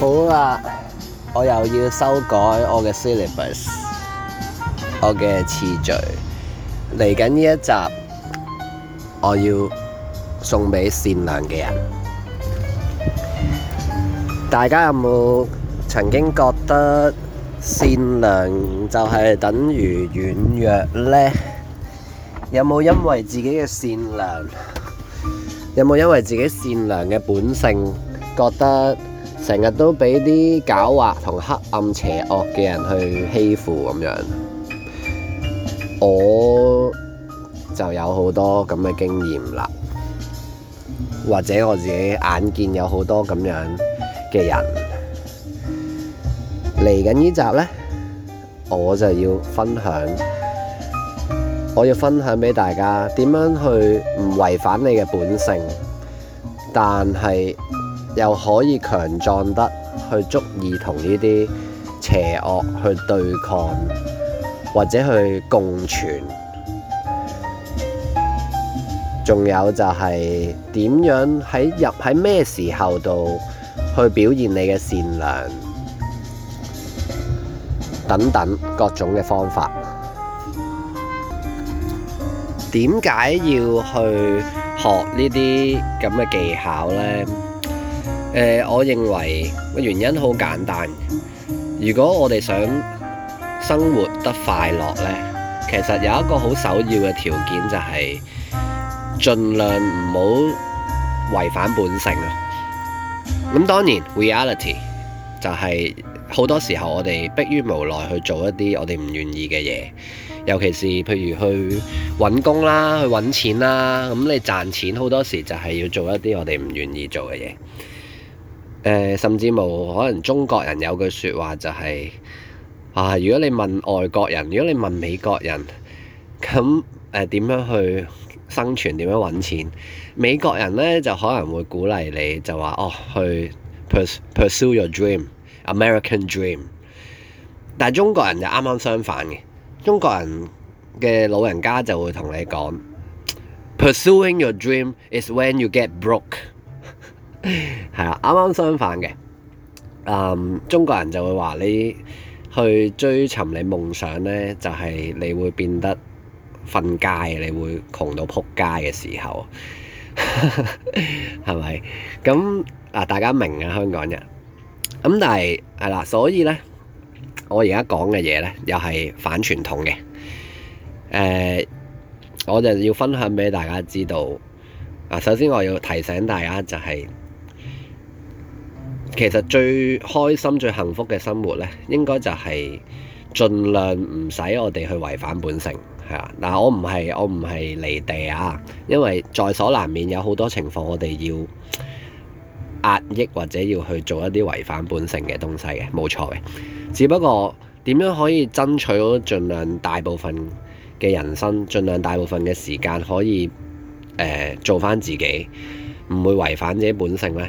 好啦、啊，我又要修改我嘅 syllabus，我嘅次序。嚟緊呢一集，我要送畀善良嘅人。大家有冇曾經覺得善良就係等於軟弱呢？有冇因為自己嘅善良，有冇因為自己善良嘅本性，覺得，成日都俾啲狡猾同黑暗邪惡嘅人去欺負。咁樣我就有好多咁嘅經驗啦。或者我自己眼見有好多咁樣嘅人，嚟緊呢集呢，我就要分享，我要分享俾大家點樣去唔違反你嘅本性，但係。又可以強壯得去足以同呢啲邪惡去對抗，或者去共存。仲有就係點樣喺入喺咩時候度去表現你嘅善良等等各種嘅方法。點解要去學呢啲咁嘅技巧呢？呃，我認為個原因好簡單。如果我哋想生活得快樂呢，其實有一個好首要嘅條件就係盡量唔好違反本性啊。咁當然，reality 就係好多時候我哋迫於無奈去做一啲我哋唔願意嘅嘢，尤其是譬如去揾工啦、去揾錢啦，咁你賺錢好多時就係要做一啲我哋唔願意做嘅嘢。甚至冇可能。中國人有句説話就係：啊，如果你問外國人，如果你問美國人，咁誒點樣去生存？點樣揾錢？美國人呢就可能會鼓勵你就話：哦，去 pursue your dream，American dream。但係中國人就啱啱相反嘅。中國人嘅老人家就會同你講：pursuing your dream is when you get broke。係啊，啱啱 相反嘅，嗯，中國人就會話你去追尋你夢想呢，就係、是、你會變得瞓街，你會窮到扑街嘅時候，係 咪？咁嗱，大家明啊，香港人，咁但係係啦，所以呢，我而家講嘅嘢呢，又係反傳統嘅，誒、嗯，我就要分享俾大家知道。嗱，首先我要提醒大家就係、是。其實最開心、最幸福嘅生活呢，應該就係盡量唔使我哋去違反本性，係啊！嗱，我唔係我唔係離地啊，因為在所難免有好多情況，我哋要壓抑或者要去做一啲違反本性嘅東西嘅，冇錯嘅。只不過點樣可以爭取到盡量大部分嘅人生，盡量大部分嘅時間可以、呃、做翻自己，唔會違反自己本性呢？